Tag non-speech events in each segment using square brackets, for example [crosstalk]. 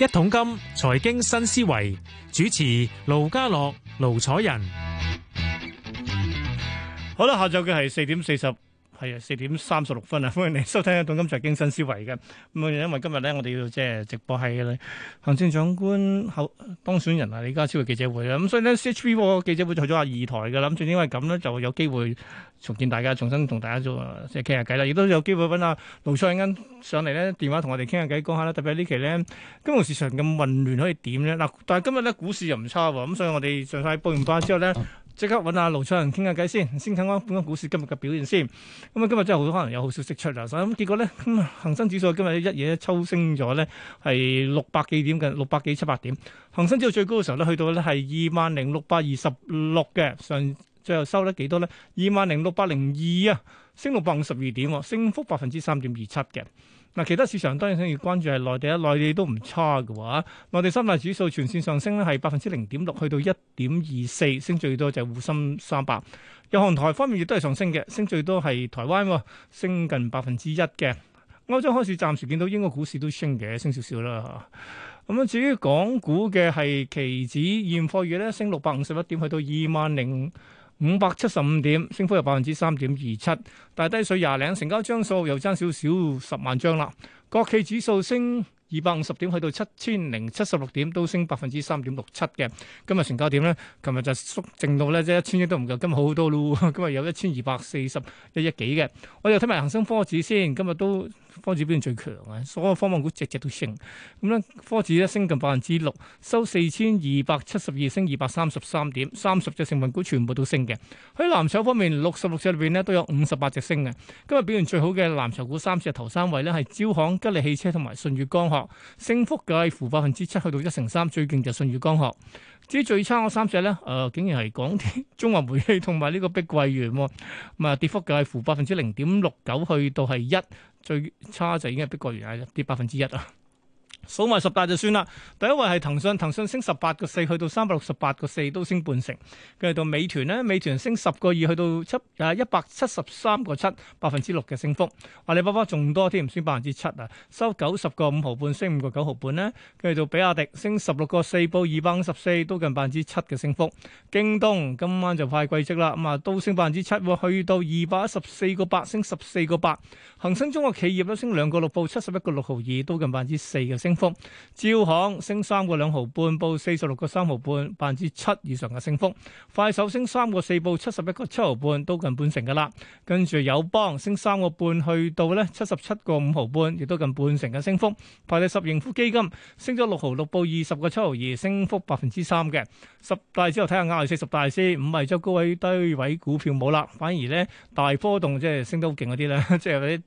一桶金財經新思維主持盧家樂、盧楚仁，好啦，下晝嘅係四點四十。係啊，四點三十六分啊，歡迎你收聽集《東今財經新思維》嘅。咁因為今日咧，我哋要即係直播喺行政長官候當選人啊李家超嘅記者會啦。咁所以呢 c h v 記者會就去咗阿二台嘅，諗住因為咁咧，就有機會重見大家，重新同大家做再即係傾下偈啦。亦都有機會揾阿、啊、盧楚仁上嚟咧，電話同我哋傾下偈，講下啦。特別喺呢期咧，金融市場咁混亂，可以點咧？嗱，但係今日咧，股市又唔差喎。咁所以我哋上曬報完翻之後咧。嗯即刻揾阿盧楚仁傾下偈先，先睇翻本港股市今日嘅表現先。咁啊，今日真係好多可能有好消息出啊！所以咁結果咧，恒生指數今日一嘢抽升咗咧，係六百幾點嘅，六百幾七八點。恒生指數最高嘅時候都去到咧係二萬零六百二十六嘅，上最後收得幾多咧？二萬零六百零二啊，升六百五十二點，升幅百分之三點二七嘅。嗱，其他市場當然都要關注係內地啦。內地都唔差嘅喎，內地三大指數全線上升咧，係百分之零點六，去到一點二四，升最多就係滬深三百。日韓台方面亦都係上升嘅，升最多係台灣喎，升近百分之一嘅。歐洲開市暫時見到英國股市都升嘅，升少少啦。咁至於港股嘅係期指現貨月咧，升六百五十一點，去到二萬零。五百七十五點，升幅有百分之三點二七，但係低水廿零，成交張數又爭少少十萬張啦。國企指數升二百五十點，去到七千零七十六點，都升百分之三點六七嘅。今日成交點咧，琴日就縮淨到咧即係一千億都唔夠，今日好好多咯，今日有一千二百四十一億幾嘅。我哋又睇埋恒生科指先，今日都。科指表現最強啊！所有科網股隻只都升，咁咧科指咧升近百分之六，收四千二百七十二，升二百三十三點，三十隻成分股全部都升嘅。喺藍籌方面，六十六隻裏邊咧都有五十八隻升嘅。今日表現最好嘅藍籌股三隻頭三位咧係招行、吉利汽車同埋舜宇光學，升幅嘅介乎百分之七去到一成三，最勁就舜宇光學。至於最差嘅三隻咧，誒、呃，竟然係港鐵、中華煤氣同埋呢個碧桂園，咁啊，跌幅嘅介乎百分之零點六九去到係一。最差就已經係碧桂園係跌百分之一啊！數埋十大就算啦。第一位係騰訊，騰訊升十八個四去到三百六十八個四，都升半成。跟住到美團咧，美團升十個二去到七，啊一百七十三個七，百分之六嘅升幅。阿里巴巴仲多添，升百分之七啊，收九十個五毫半，升五個九毫半咧。跟住到比亞迪，升十六個四報二百五十四，都近百分之七嘅升幅。京東今晚就快季績啦，咁啊都升百分之七喎，去到二百一十四個八，升十四個八。恒生中國企業都升兩個六報七十一個六毫二，都近百分之四嘅。升幅，招行升三個兩毫半，報四十六個三毫半，百分之七以上嘅升幅。快手升三個四，報七十一個七毫半，都近半成噶啦。跟住友邦升三個半，去到咧七十七個五毫半，5. 5, 亦都近半成嘅升幅。排列十盈富基金升咗六毫六，報二十個七毫二，升, 6. 6, 2, 升幅百分之三嘅。十大之後睇下亞游四十大先，唔係再高位低位股票冇啦，反而咧大波動即係升得好勁嗰啲咧，即係嗰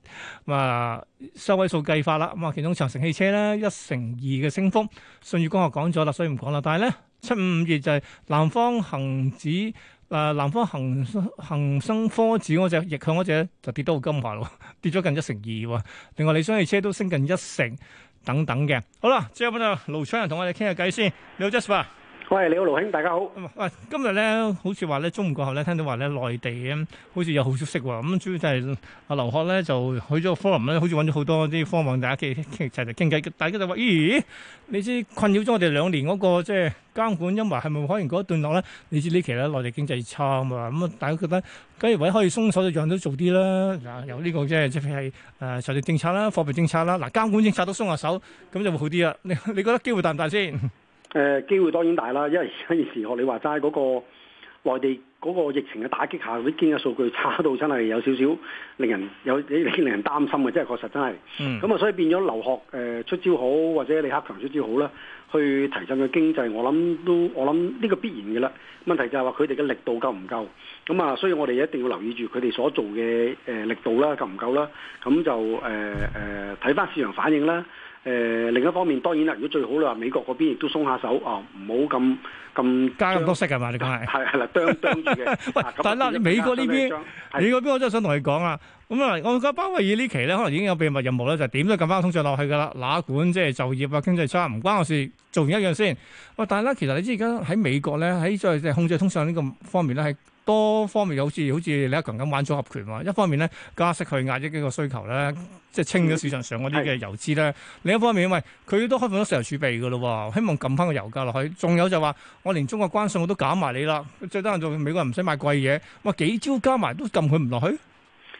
啲啊。收位數計法啦，咁啊，其中長城汽車咧一成二嘅升幅，信譽光學講咗啦，所以唔講啦。但係咧七五五二就係南方恒指啊，南方恆子、呃、南方恆，恆生科指嗰隻逆向嗰隻就跌到金華咯，跌咗近一成二喎。另外理想汽車都升近一成等等嘅。好啦，接下邊就盧楚仁同我哋傾下偈先。你好 Jasper。喂，你好，盧兄，大家好。喂，今日咧，好似話咧，中午過後咧，聽到話咧，內地咁，好似有好消息喎。咁主要就係阿劉鶴咧，就去咗個 forum 咧，好似揾咗好多啲科網大家傾，齊齊傾偈。大家就話，咦、欸？你知困擾咗我哋兩年嗰、那個即係監管陰霾係咪可能嗰段落咧？你知期呢期咧，內地經濟差啊，咁啊，大家覺得假如可以鬆手，就盡量都做啲啦。嗱、這個，有呢個即係，譬如係誒財政政策啦、貨幣政策啦、嗱監管政策都鬆下手，咁就會好啲啊。你你覺得機會大唔大先？誒、呃、機會當然大啦，因為而家現時學你話齋嗰個內地嗰個疫情嘅打擊下，嗰啲經濟數據差到真係有少少令人有令人擔心嘅，即係確實真係。咁啊、嗯，所以變咗留學誒、呃、出招好，或者李克強出招好啦，去提振嘅經濟，我諗都我諗呢個必然嘅啦。問題就係話佢哋嘅力度夠唔夠？咁啊，所以我哋一定要留意住佢哋所做嘅誒、呃、力度啦，夠唔夠啦？咁就誒誒睇翻市場反應啦。誒、呃、另一方面，當然啦，如果最好咧，美國嗰邊亦都鬆下手啊，唔好咁咁加咁多息係嘛？你梗係係係啦，啄住嘅。喂，嗯、但係啦，呃、美國呢邊， [laughs] 美國邊，我真係想同你講啊。咁啊、嗯，我覺得鮑威爾呢期咧，可能已經有秘密任務咧，就點、是、都撳翻通脹落去㗎啦。嗱，管即係就業啊、經濟差唔關我事，做完一樣先。喂，但係咧，其實你知而家喺美國咧，喺控制通脹呢個方面咧，係。多方面好似好似李克強咁玩組合拳喎。一方面咧，加息去壓抑呢個需求咧，即係清咗市場上嗰啲嘅油資咧。的另一方面，因為佢都開放咗石油儲備嘅咯，希望撳翻個油價落去。仲有就話，我連中國關稅我都減埋你啦。最多做美國人唔使買貴嘢。哇，幾招加埋都撳佢唔落去。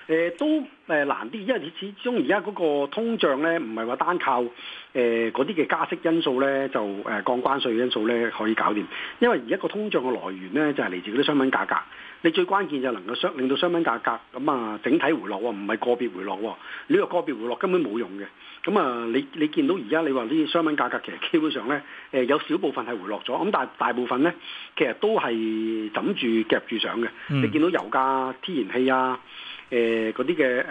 誒，都誒難啲，因為始終而家嗰個通脹咧，唔係話單靠誒嗰啲嘅加息因素咧，就誒、呃、降關稅嘅因素咧可以搞掂。因為而家個通脹嘅來源咧就係、是、嚟自嗰啲商品價格。你最關鍵就能夠商令到商品價格，咁啊整體回落喎，唔係個別回落。呢個別個別回落根本冇用嘅。咁啊，你你見到而家你話呢啲商品價格其實基本上咧，誒有少部分係回落咗，咁但係大部分咧其實都係枕住夾住上嘅。你見到油價、天然氣啊。誒嗰啲嘅誒誒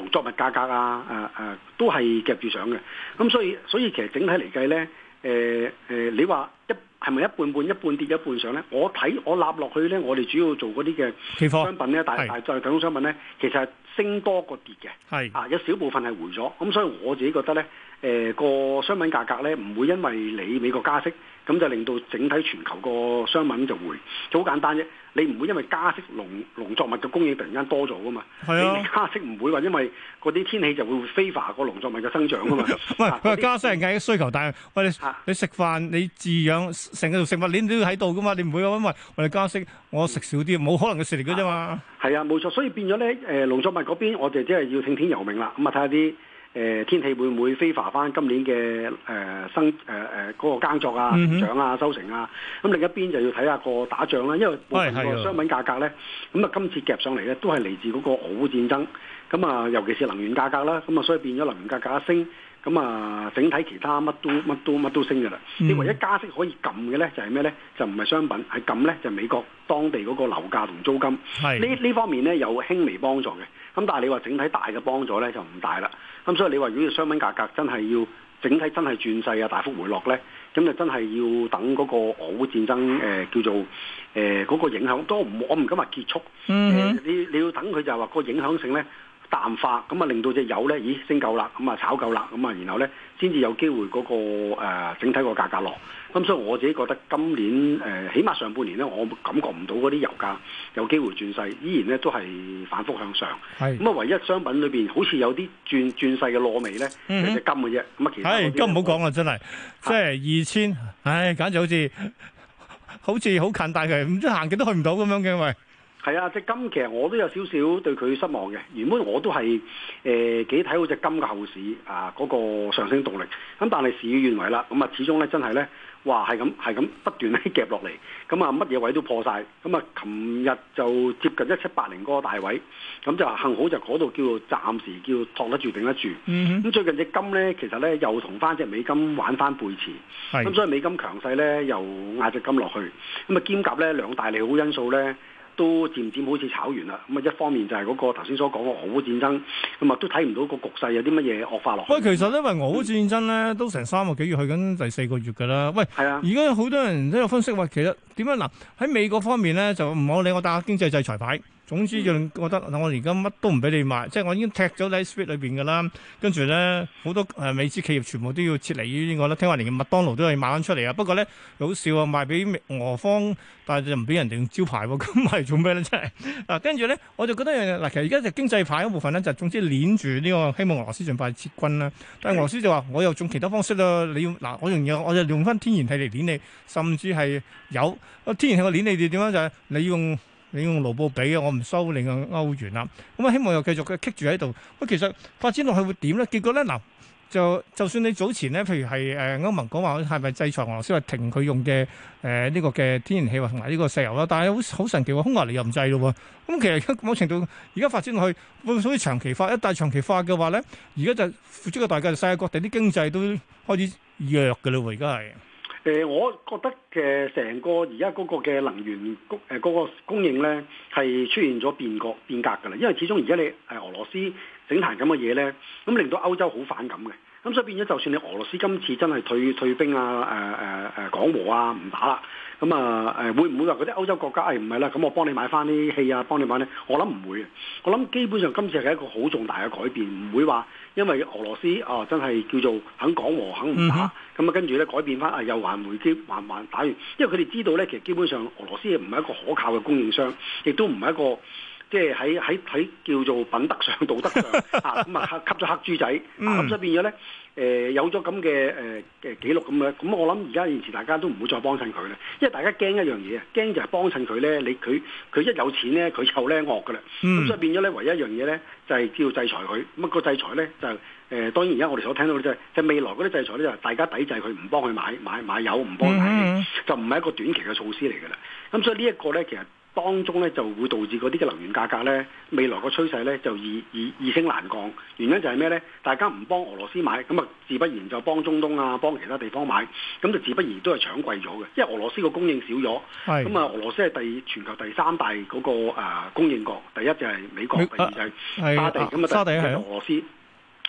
農作物價格啊啊啊，都係夾住上嘅，咁所以所以其實整體嚟計咧，誒、呃、誒、呃、你話一係咪一半半，一半跌一半上咧？我睇我納落去咧，我哋主要做嗰啲嘅商品咧乎，大、大宗商品咧，是其實係升多過跌嘅，係是啊，有少部分係回咗，咁所以我自己覺得咧，誒、呃、個商品價格咧唔會因為你美國加息。咁就令到整體全球個商品就會，就好簡單啫。你唔會因為加息，農農作物嘅供應突然間多咗噶嘛？係咯、啊。你加息唔會話因為嗰啲天氣就會 favour 個農作物嘅生長噶嘛？喂 [laughs] 是，佢話、啊、加息係嗌需求，但係喂，你你食飯你飼養成個食物鏈都要喺度噶嘛？你唔會因為我哋加息我食少啲，冇、嗯、可能嘅事嚟嘅啫嘛。係啊，冇錯，所以變咗咧，誒、呃、農作物嗰邊我哋即係要聽天由命啦。咁啊睇下啲。嗯嗯嗯嗯嗯誒天氣會唔會 favour 翻今年嘅誒、呃、生誒誒嗰個耕作啊、成長啊、收成啊？咁另一邊就要睇下個打仗啦，因為本身個商品價格咧，咁啊、哎哎、今次夾上嚟咧都係嚟自嗰個俄烏戰爭。咁、嗯、啊，尤其是能源價格啦，咁啊所以變咗能源價格一升，咁、嗯、啊、嗯、整體其他乜都乜都乜都升㗎啦。你唯一加息可以撳嘅咧就係咩咧？就唔係商品，係撳咧就美國當地嗰個樓價同租金。呢呢、哎、方面咧有輕微幫助嘅，咁但係你話整體大嘅幫助咧就唔大啦。咁所以你話如果商品價格真係要整體真係轉勢啊，大幅回落呢，咁就真係要等嗰個俄烏戰爭誒、呃、叫做誒嗰、呃嗰個影響都唔我唔敢話結束，呃、你你要等佢就係話、嗰個影響性呢淡化，咁啊令到隻油呢咦升夠啦，咁啊炒夠啦，咁啊然後呢，先至有機會嗰、嗰個、呃、整體個價格落。咁所以我自己覺得今年誒、呃，起碼上半年咧，我感覺唔到嗰啲油價有機會轉勢，依然咧都係反覆向上。係咁啊，唯一商品裏邊好似有啲轉轉勢嘅落尾咧，就係、嗯、金嘅啫。咁、哎、啊，其他嗰金唔好講啦，真係即係二千，唉，簡直好似好似好近大，大係唔知行幾多都去唔到咁樣嘅，因為係啊，隻金其實我都有少少對佢失望嘅。原本我都係誒幾睇好隻金嘅後市啊，嗰、嗰個上升動力。咁但係事與願違啦，咁啊始終咧真係咧。哇，係咁係咁不斷咧夾落嚟，咁啊乜嘢位都破晒。咁啊琴日就接近一七八零嗰個大位，咁就幸好就嗰度叫做暫時叫托得住頂得住，咁、嗯、哼最近隻金呢，其實呢又同翻隻美金玩翻背馳，咁是所以美金強勢呢，又壓隻金落去，咁啊兼夾呢兩大利好因素呢，都漸漸好似炒完啦，咁啊一方面就係嗰個頭先所講嘅俄烏戰爭，咁啊都睇唔到個局勢有啲乜嘢惡化落去。喂，其實因為俄烏戰爭咧、嗯、都成三個幾月，去緊第四個月㗎啦。喂，而家好多人都有分析話，其實點樣嗱喺美國方面咧就唔好理我打經濟制裁牌。總之，就覺得我而家乜都唔俾你賣，即係我已經踢咗喺 Swift 裏邊噶啦。跟住咧，好多誒美資企業全部都要撤離於呢個啦。聽話連麥當勞都係賣緊出嚟啊！不過咧，好笑啊，賣俾俄方，但係就唔俾人哋用招牌喎。咁係做咩咧？真係啊！跟住咧，我就覺得嘅嗱，其實而家就經濟牌一部分咧，就總之攆住呢個希望俄羅斯儘快撤軍啦。但係俄羅斯就話，我又用其他方式啦。你用嗱，我仲有，我就用翻天然氣嚟攆你，甚至係有天然氣我攆你哋點樣就係你用。你用盧布俾嘅、啊，我唔收你嘅歐元啦、啊。咁、嗯、啊，希望又繼續嘅棘住喺度。喂，其實發展落去會點咧？結果咧，嗱就就算你早前咧，譬如係誒歐盟講話係咪制裁俄羅斯，話停佢用嘅誒呢個嘅天然氣喎，同埋呢個石油啦。但係好好神奇喎、啊，匈牙利又唔制咯喎。咁、嗯、其實某程度，而家發展落去會唔會長期化，一旦長期化嘅話咧，而家就付出嘅代價就世界各地啲經濟都開始弱嘅咯、啊，而家係。誒，我覺得嘅成、呃、個而家嗰個嘅能源供誒嗰個供應咧，係出現咗變過變革㗎啦，因為始終而家你係俄羅斯整壇咁嘅嘢咧，咁令到歐洲好反感嘅。咁所以變咗，就算你俄羅斯今次真係退退兵啊，誒誒誒講和啊，唔打啦，咁啊誒會唔會話嗰啲歐洲國家誒唔係啦？咁、哎、我幫你買翻啲氣啊，幫你買呢、啊？我諗唔會嘅。我諗基本上今次係一個好重大嘅改變，唔會話因為俄羅斯啊、呃、真係叫做肯講和肯唔打，咁啊、嗯、哼跟住咧改變翻啊又還回機還還打完，因為佢哋知道咧其實基本上俄羅斯係唔係一個可靠嘅供應商，亦都唔係一個。即係喺喺喺叫做品德上、道德上啊，咁啊吸咗黑豬仔，咁所以變咗咧，誒、呃、有咗咁嘅誒嘅記錄咁嘅，咁我諗而家現時大家都唔會再幫襯佢咧，因為大家驚一樣嘢啊，驚就係幫襯佢咧，你佢佢一有錢咧，佢就咧惡噶啦，咁 [laughs] 所以變咗咧，唯一一樣嘢咧就係叫制裁佢，咁個制裁咧就誒當然而家我哋所聽到嘅就係，就係未來嗰啲制裁咧就係大家抵制佢，唔幫佢買買買油，唔幫佢， [laughs] [laughs] 就唔係一個短期嘅措施嚟噶啦，咁所以呢一個咧其實。其實當中咧就會導致嗰啲嘅能源價格咧未來個趨勢咧就易易易升難降，原因就係咩咧？大家唔幫俄羅斯買，咁啊自不然就幫中東啊幫其他地方買，咁就自不然都係搶貴咗嘅，因為俄羅斯個供應少咗。咁啊係、嗯、俄羅斯係第全球第三大嗰、嗰個、呃、供應國，第一就係美國，啊、第二就係沙地，咁啊沙地係俄羅斯。嗯嗯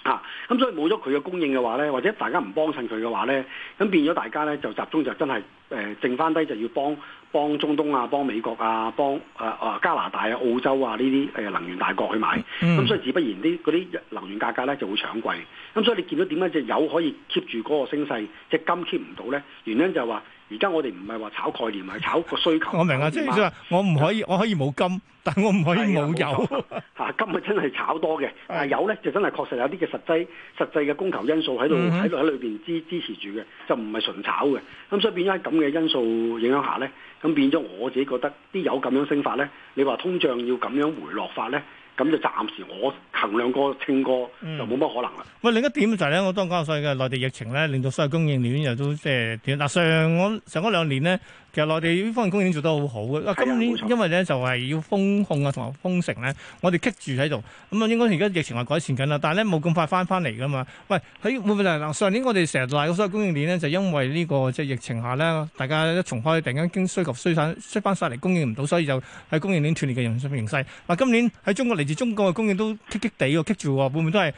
啊！咁所以冇咗佢嘅供應嘅話咧，或者大家唔幫襯佢嘅話咧，咁變咗大家咧就集中就真係誒、呃，剩返低就要幫幫中東啊，幫美國啊，幫誒誒、呃、加拿大啊、澳洲啊呢啲誒能源大國去買。咁、嗯、所以自不然啲嗰啲能源價格咧就會搶貴。咁所以你見到點解隻油可以 keep 住嗰個升勢，隻金 keep 唔到咧？原因就係、是、話。而家我哋唔係話炒概念，係炒個需求。 [laughs] 我明啦，即係話我唔可以， [laughs] 我可以冇金，但我唔可以冇油。嚇 [laughs] [laughs] 金係真係炒多嘅，但係油咧就真係確實有啲嘅實際實際嘅供求因素喺度喺度喺裏邊支支持住嘅，就唔係純炒嘅。咁 [laughs] [laughs] 所以變咗喺咁嘅因素影響下咧，咁變咗我自己覺得啲油咁樣升法咧，你話通脹要咁樣回落法咧？咁就暫時我衡量過清歌就冇乜可能啦。喂、嗯，另一點就係咧，我當家所謂嘅內地疫情咧，令到所有供應鏈又都即係點嗱，上我上嗰兩年咧。其實內地呢方面供應鏈做得好好嘅。今年因為咧就係、是、要封控啊，同埋封城咧，我哋棘住喺度咁啊。應該而家疫情話改善緊啦，但係咧冇咁快翻翻嚟㗎嘛。喂，喺會唔會嗱上年我哋成日賴嗰所謂供應鏈咧，就是、因為呢個即係疫情下咧，大家一重開，突然間經需求衰散衰翻曬嚟，供應唔到，所以就喺供應鏈斷裂嘅形勢。嗱，今年喺中國嚟自中國嘅供應都棘棘地喎，棘住喎，會唔會都係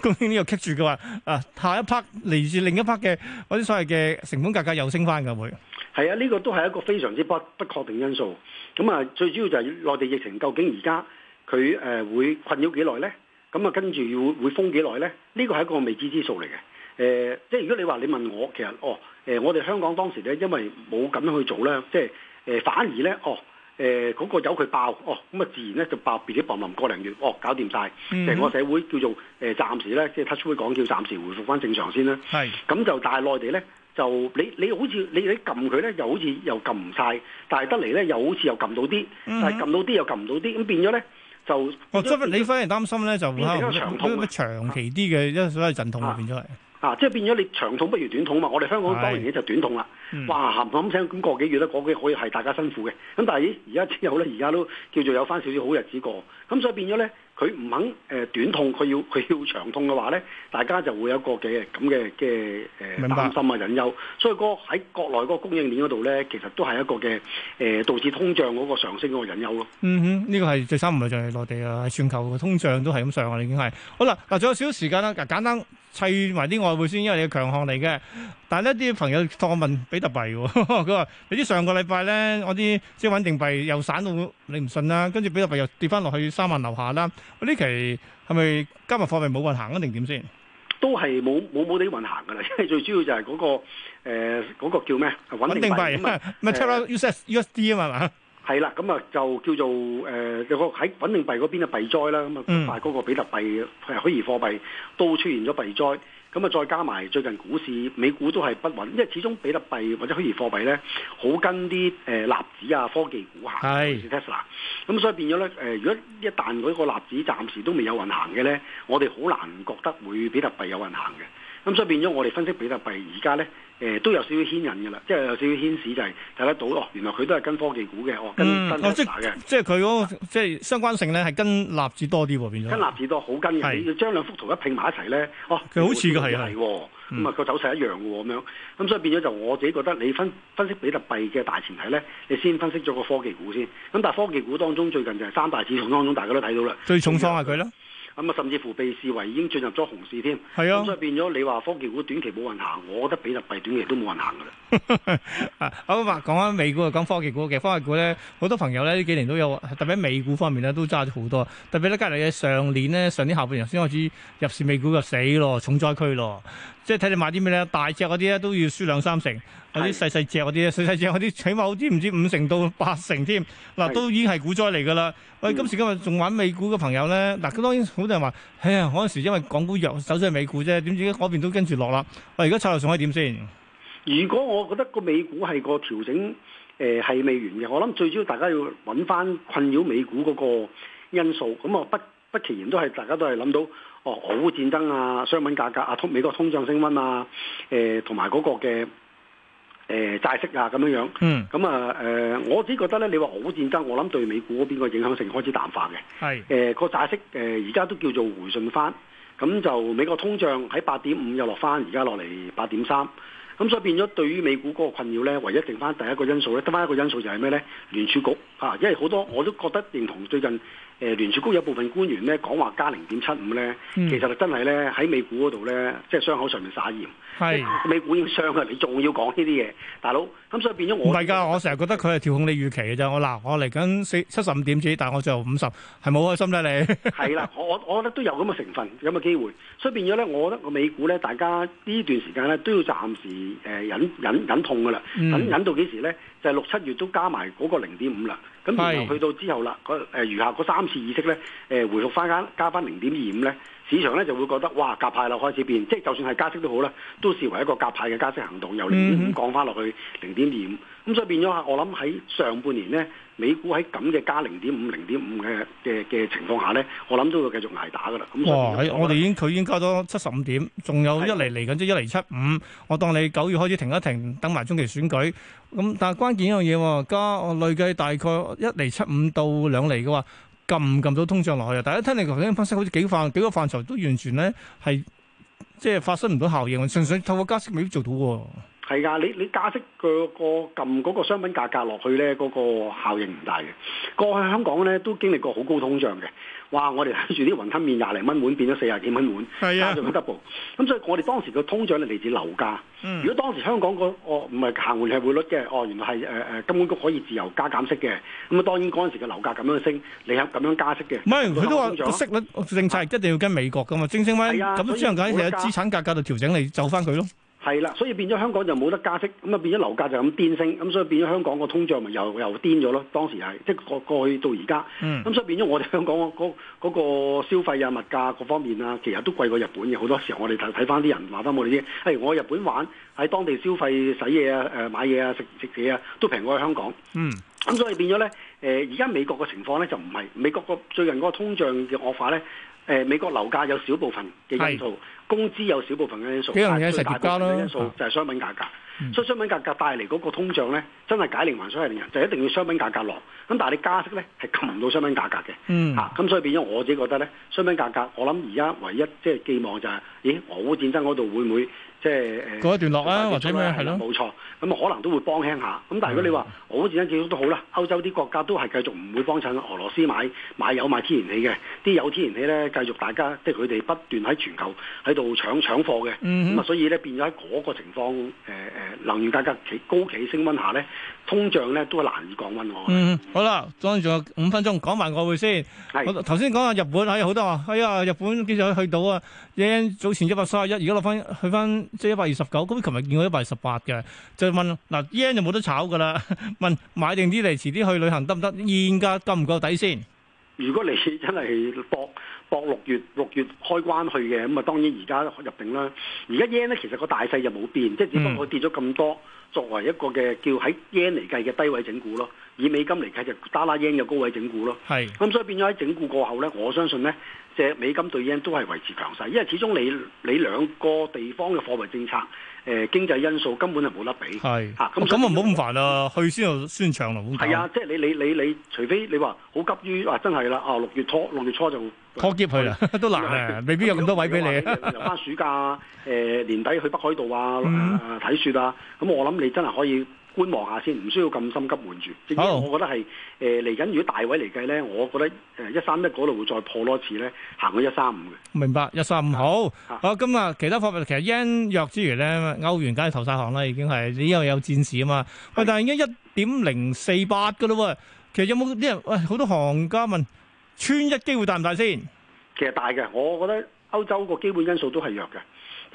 供應鏈又棘住嘅話啊？下一 part 嚟自另一 part 嘅嗰啲所謂嘅成本價格又升翻㗎會？係啊，呢、這個都係一個非常之不不確定因素。咁、嗯、啊，最主要就係內地疫情究竟而家佢誒會困擾幾耐咧？咁、嗯、啊，跟住要會，會封幾耐咧？呢、這個係一個未知之數嚟嘅。誒、呃，即係如果你話你問我，其實哦，誒、呃，我哋香港當時咧，因為冇咁樣去做咧，即係誒、呃，反而咧，哦，誒、呃，嗰、這個由佢爆，哦，咁啊，自然咧就爆別啲暴民過零月，哦，搞掂曬成個社會，叫做誒暫、呃、時咧，即係特首會講叫暫時回復翻正常先啦。係、嗯。咁就是但係內地咧。呢就你你好似你你撳佢咧，又好似又撳唔晒，但係得嚟咧，又好似又撳到啲，嗯、哼但係撳到啲又撳唔到啲，咁變咗咧就哦，即係你反而擔心咧，就會喺長痛、啊、長期啲嘅一所謂陣痛啦變咗係啊,啊，即係變咗你長痛不如短痛嘛，我哋香港當然嘢就短痛啦，哇喊喊聲咁個幾月啦，嗰、那個、幾可以係大家辛苦嘅，咁但係而家之後咧，而家都叫做有返少少好日子過，咁所以變咗咧。佢唔肯誒短痛，佢要佢要長痛嘅話咧，大家就會有一個嘅咁嘅嘅誒擔心啊、隱憂，明白。所以嗰喺國內嗰個供應鏈嗰度咧，其實都係一個嘅誒導致通脹嗰個上升嗰個隱憂咯。嗯哼，呢個係最三唔係就係內地啊，全球嘅通脹都係咁上啊，已經係好啦。嗱，仲有少少時間啦，簡單砌埋啲外匯先，因為你嘅強項嚟嘅。但係呢啲朋友當問比特幣喎，佢話：你知上個禮拜咧，我啲即穩定幣又散到你唔信啦，跟住比特幣又跌翻落去三萬樓下啦。呢期係咪今日貨幣冇運行啊？定點先？都係冇冇冇啲運行㗎啦，因為最主要就係嗰、嗰個誒嗰、呃嗰個叫咩穩定幣，咪 Terra US USD 啊嘛嚇。係啦，咁啊就叫做誒個喺穩定幣嗰邊嘅幣災啦，咁啊大嗰個比特幣係虛擬貨幣都出現咗幣災。咁啊，再加埋最近股市美股都係不穩，因為始終比特幣或者虛擬貨幣咧，好跟啲誒納指啊、科技股行。係 Tesla，咁、嗯、所以變咗咧誒，如果一旦嗰個納指暫時都未有運行嘅咧，我哋好難覺得會比特幣有運行嘅。咁所以變咗，我哋分析比特幣而家咧，誒都有少少牽引嘅啦，即係有少少牽涉，就係睇得到咯。原來佢都係跟科技股嘅哦，跟特斯拉嘅。即係佢嗰個即係相關性咧、啊，係跟納指多啲喎，變咗。跟納指多好跟嘅，是你要將兩幅圖一拼埋一齊咧，哦，佢好似嘅係啊，咁啊、嗯、個走勢一樣嘅喎咁樣。咁、嗯啊、所以變咗就我自己覺得，你分分析比特幣嘅大前提咧，你先分析咗個科技股先。咁但係科技股當中最近就係三大指數當中大家都睇到啦。最重創係佢啦。咁啊、嗯，甚至乎被視為已經進入咗熊市添。係啊，咁所以變咗你話科技股短期冇運行，我覺得比特幣短期都冇運行噶啦。好嘛、 [laughs] 啊，講翻美股啊，講科技股嘅科技股咧，好多朋友咧呢幾年都有，特別喺美股方面咧都揸咗好多。特別咧，隔離嘅上年咧，上年下半年先開始入市，美股就死咯，重災區咯。即係睇你買啲咩咧，大隻嗰啲咧都要輸兩三成，有啲細隻的細隻嗰啲咧，細細隻嗰啲起碼好似唔知五成到八成添，嗱的都已經係股災嚟㗎啦。喂、嗯，今時今日仲玩美股嘅朋友咧，嗱咁當然好多人話，哎呀，嗰陣時因為港股弱，首先係美股啫，點知嗰邊都跟住落啦。喂，而家策略仲可以點先？如果我覺得個美股係個調整，誒、呃、係未完嘅，我諗最主要大家要揾翻困擾美股嗰個因素。咁我不不其然都係大家都係諗到。哦，俄烏戰爭啊，商品價格啊，通美國通脹升溫啊，誒同埋嗰個嘅誒、呃、債息啊，咁樣樣。嗯。咁、呃、啊，誒、呃、我自己覺得咧，你話俄烏戰爭，我諗對美股嗰邊個影響性開始淡化嘅。係是。誒個、呃、債息誒而家都叫做回順翻，咁就美國通脹喺八點五又落翻，而家落嚟八點三，咁所以變咗對於美股嗰個困擾咧，唯一剩翻第一個因素咧，得翻一個因素就係咩咧？聯儲局啊，因為好多我都覺得認同最近。誒聯儲局有部分官員咧講話加零點七五咧，嗯、其實係真係咧喺美股嗰度咧，即係傷口上面撒鹽。係是美股要傷嘅，你仲要講呢啲嘢，大佬。咁所以變咗我大家我成日覺得佢係調控你預期嘅啫。我嗱，我嚟緊四七十五點子，但係我最後做五十，係咪好開心咧你。係 [laughs] 啦，我我覺得都有咁嘅成分，咁嘅機會。所以變咗咧，我覺得個美股咧，大家呢段時間咧都要暫時誒、呃、忍忍忍痛㗎啦。忍、嗯、忍到幾時咧？就係六七月都加埋嗰個零點五啦。咁然後去到之後啦，個誒餘下嗰三次議息咧，誒、呃、回復翻加加翻零點二五咧。市場咧就會覺得哇，鴿派啦開始變，即係就算係加息都好啦，都視為一個鴿派嘅加息行動，由零點五降翻落去零點二五，咁、嗯、所以變咗我諗喺上半年呢，美股喺咁嘅加零點五、零點五嘅嘅嘅情況下呢，我諗都會繼續捱打噶啦。嗯、哇！我哋已經佢已經加咗七十五點，仲有一厘嚟緊即一厘七五，75，啊、我當你九月開始停一停，等埋中期選舉。咁但係關鍵一樣嘢，加我累計大概一厘七五到兩厘嘅話。撳撳到通脹落去啊！大家聽你頭先分析，好似幾個範幾個範疇都完全咧係即係發生唔到效應，純粹透過加息未必做到喎。係噶，你你加息、嗰個撳嗰個商品價格落去咧，嗰、嗰個效應唔大嘅。過去香港咧都經歷過好高通脹嘅。哇！我哋睇住啲雲吞麵廿零蚊碗變咗四廿幾蚊碗，加上個 double 咁，啊、所以我哋當時個通脹咧嚟自樓價。如果當時香港個哦唔係行匯係匯率嘅，哦，哦原來係誒誒金管局可以自由加減息嘅。咁啊當然嗰陣時嘅樓價咁樣升，你喺咁樣加息嘅。唔係佢都話息率政策一定要跟美國噶嘛？正升翻咁只能夠喺資產價格度調整嚟就翻佢咯。係啦，所以變咗香港就冇得加息，咁啊變咗樓價就咁癲升，咁所以變咗香港個通脹咪又又癲咗咯？當時係即過過去到而家，咁、嗯嗯、所以變咗我哋香港嗰、嗰個消費啊、物價各方面啊，其實都貴過日本嘅。好多時候我哋睇睇翻啲人話翻我哋啲，係我日本玩喺當地消費使嘢啊、誒、呃、買嘢啊、食食嘢啊，都平過香港。嗯，嗯，咁所以變咗咧，誒而家美國嘅情況咧就唔係美國個最近個通脹嘅惡化咧，誒、呃、美國樓價有少部分嘅因素。工資有少部分嘅因素，幾樣因素，齊加咯，因素就係商品價格。嗯、所以商品價格帶嚟嗰個通脹咧，真係解零還所係令人，就一定要商品價格落。咁但係你加息咧，係吸唔到商品價格嘅。嗯、啊，吓咁所以變咗我自己覺得咧，商品價格，我諗而家唯一即係寄望就係、是。咦，俄烏戰爭嗰度會唔會即係誒一段落啊，或者咩係咯？冇錯的，咁啊可能都會幫輕下。咁但係如果你話俄烏戰爭結束都好啦，歐洲啲國家都係繼續唔會幫襯俄羅斯買買油買天然氣嘅。啲有天然氣咧，繼續大家即係佢哋不斷喺全球喺度搶搶貨嘅。咁啊，所以咧變咗喺嗰個情況誒誒能源價格企高企升溫下咧，通脹咧都難以降溫。嗯、好啦，仲有五分鐘講埋外匯先。係是。頭先講下日本，係好多話，哎呀、哎，日本幾時去到啊？哎以前一百三十一，而家落翻去翻即係一百二十九，咁琴日見到一百二十八嘅，就問嗱、嗯、yen 就冇得炒噶啦， [laughs] 問買定啲嚟，遲啲去旅行得唔得？現價夠唔夠抵先？如果你真係博博六月六月開關去嘅，咁啊當然而家入定啦。而家 yen 咧其實個大勢就冇變，即係、嗯、只不過跌咗咁多，作為一個嘅叫喺 yen 嚟計嘅低位整固咯。以美金嚟計就 Dollar-Yen 嘅高位整固咯。係是，咁所以變咗喺整固過後咧，我相信咧隻美金對 yen 都係維持強勢，因為始終你你兩個地方嘅貨幣政策。誒，經濟因素根本係冇得比，係啊，咁咁啊唔好咁煩啦，去先又先長龍排。係啊，即係你你你你，除非你話好急於話真係啦，啊六月初六月初就拖劫 k 佢啦，都難啊，未必有咁多位俾你。由翻暑假誒年底去北海道啊，睇雪啊，咁我諗你真係可以。觀望下先，唔需要咁心急換住。正係我覺得係誒嚟緊，如果大位嚟計咧，我覺得誒一三一嗰度會再破多次咧，行到一三五嘅。明白一三五好。好、啊，今日、啊、其他貨幣其實 yen 弱之餘咧，歐元梗係投晒行啦，已經係因為有戰事啊嘛。喂是，但係而家一點零四八嘅咯喎。其實有冇啲人？喂，好多行家問穿一機會大唔大先？其實大嘅，我覺得歐洲個基本因素都係弱嘅。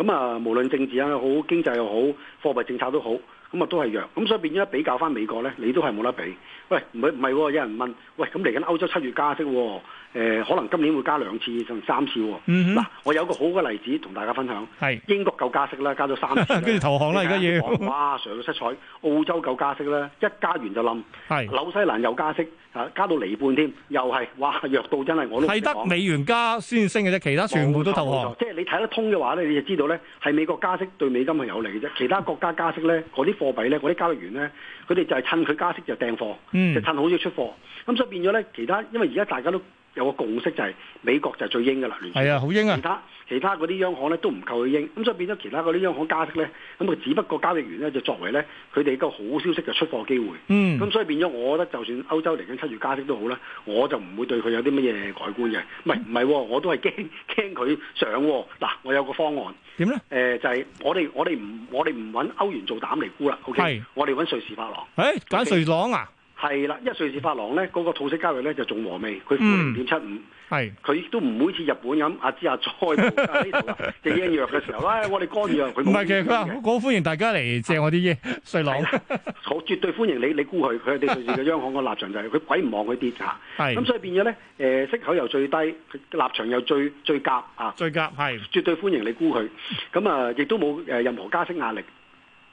咁啊，無論政治又好，經濟又好，貨幣政策都好。咁啊，都係弱，咁所以變咗比較翻美國咧，你都係冇得比。喂，唔係唔係，有人問：「喂，咁嚟緊歐洲七月加息喎、啊。」誒、呃，可能今年會加兩次甚至三次喎、哦。嗱、mm hmm.，我有個好嘅例子同大家分享。係是英國夠加息啦，加咗三次，跟住 [laughs] 投降啦而家要。要哇，上到七彩。澳洲夠加息啦，一加完就冧。係是紐西蘭又加息，嚇、啊、加到離半添，又係哇弱到真係我都係得美元加先升嘅啫，其他全部都投降。嗯嗯、即係你睇得通嘅話咧，你就知道咧係美國加息對美金係有利嘅啫。其他國家加息咧，嗰啲貨幣咧，嗰啲交易員咧，佢哋就係趁佢加息就訂貨，就趁好少出貨。咁所以變咗咧，其他因為而家大家都有個共識就係美國就係最英嘅啦，聯儲。係啊，好英啊！其他其他嗰啲央行咧都唔夠佢英，咁所以變咗其他嗰啲央行加息咧，咁佢只不過交易員咧就作為咧佢哋一個好消息嘅出貨機會。嗯，咁所以變咗，我覺得就算歐洲嚟緊七月加息都好啦，我就唔會對佢有啲乜嘢改觀嘅。唔係唔係，我都係驚驚佢上、啊。嗱，我有個方案點咧？誒、呃，就係、是、我哋我哋唔我哋唔揾歐元做膽嚟沽啦。O、okay? K，是我哋揾瑞士法郎。誒、欸，揀 okay? 瑞朗啊！係啦，因為瑞士法郎咧，嗰個套息交易咧就仲和味，佢負零點七五，係佢都唔好似日本咁，阿芝啊之再報呢度嘅，借鴛鴦嘅時候，唉、哎，我哋乾鴛，佢唔係嘅，佢話我好歡迎大家嚟借我啲嘢。瑞士好絕對歡迎你，你沽佢，佢哋瑞士嘅央行嘅立場就係佢鬼唔望佢跌嚇，係咁的的、嗯、所以變咗咧，誒息口又最低，立場又最最夾啊，最夾係絕對歡迎你沽佢，咁啊亦都冇誒任何加息壓力。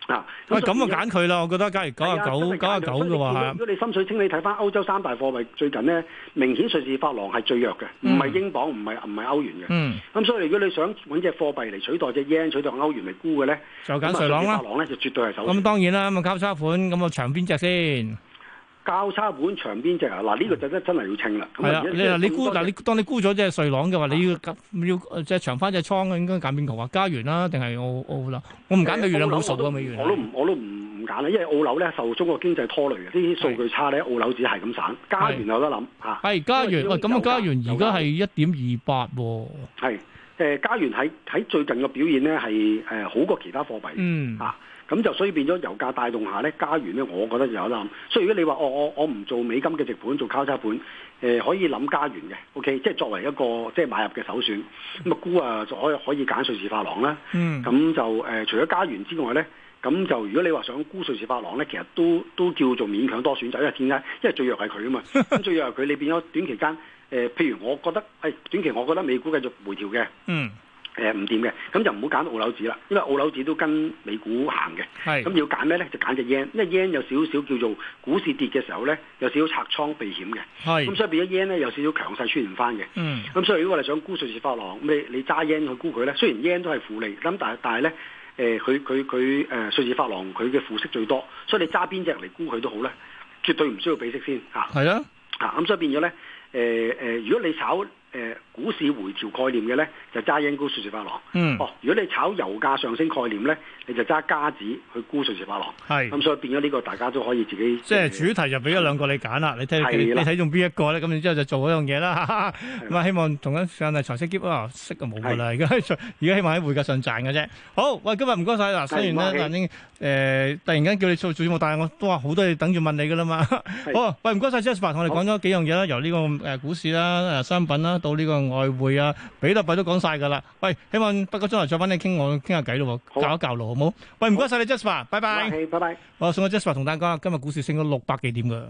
啊！喂、嗯，咁以就揀佢啦，我覺得，假如九啊九九啊九嘅話如果你心水清，你睇翻歐洲三大貨幣最近咧，明顯瑞士法郎係最弱嘅，唔係、嗯、英鎊，唔係唔係歐元嘅。嗯。咁所以如果你想揾隻貨幣嚟取代隻 yen，取代歐元嚟沽嘅咧，就揀瑞郎啦。咁瑞士法郎咧就絕對係首選。咁當然啦，咁啊交叉盤，咁啊長邊隻先。交叉盤長邊隻啊！嗱，呢個隻真真係要清啦。係啊，你嗱，你沽嗱，你當你沽咗即係瑞朗嘅話，你要要即係長翻隻倉啊，應該揀邊球啊？加元啦，定係澳澳樓？我唔揀加元啊，冇數啊，加元。我都唔我都唔唔揀啦，因為澳樓咧受中國經濟拖累嘅，啲數據差咧，澳樓只係咁省。加元有得諗嚇。係加元喂，咁啊加元而家係一點二八喎。係加元喺喺最近嘅表現咧係誒好過其他貨幣嗯啊。咁就所以變咗油價帶動下咧，加元咧，我覺得就有得諗。所以如果你話我我我唔做美金嘅直盤，做交叉盤，誒、呃、可以諗加元嘅，OK，即係作為一個即係買入嘅首選。咁啊沽啊，就可以可以揀瑞士法郎啦。嗯。咁就誒，除咗加元之外咧，咁就如果你話想沽瑞士法郎咧，其實都都叫做勉強多選擇，因為點解？因為最弱係佢啊嘛。咁 [laughs] 最弱係佢，你變咗短期間誒、呃、譬如我覺得，誒短期我覺得美股繼續回調嘅。嗯。 [laughs] 誒唔掂嘅，咁、呃、就唔好揀澳紐紙啦，因為澳紐紙都跟美股行嘅。係是，咁要揀咩咧？就揀隻 yen，因為 yen 有少少叫做股市跌嘅時候咧，有少少拆倉避險嘅。係是，咁所以變咗 yen 咧，有少少強勢出現翻嘅。嗯，咁所以如果我哋想沽瑞士法郎，咁你你揸 yen 去沽佢咧，雖然 yen 都係負利，咁但係但係咧，誒佢佢佢誒瑞士法郎佢嘅負息最多，所以你揸邊隻嚟沽佢都好咧，絕對唔需要比息先嚇。係啦，啊咁的、 [laughs] 啊、所以變咗咧，誒、呃、誒，如果你炒。誒股市回調概念嘅咧，就揸英沽瑞士法郎。嗯，哦，如果你炒油價上升概念咧，你就揸加指去沽瑞士法郎。咁所以變咗呢個，大家都可以自己。即係主題就俾咗兩個你揀啦，你睇你睇中邊一個咧？咁然之後就做嗰樣嘢啦。咁啊，希望同一時間啊，財息兼收啊，息就冇噶啦。而家而家希望喺匯價上賺嘅啫。好，喂，今日唔該晒。嗱，雖然咧，曾經誒突然間叫你做做節目，但係我都話好多嘢等住問你噶啦嘛。好，喂，唔該晒。Jasper，同我哋講咗幾樣嘢啦，由呢個誒股市啦、誒商品啦。到呢個外匯啊，比特幣都講晒㗎啦。喂，希望不久將來再揾你傾我傾下偈咯，好教一教路好冇？好，喂，唔該晒你，Just 爸，拜拜好，拜拜。Hey, bye bye，我送個 Just 爸同大家，今日股市升咗六百幾點㗎。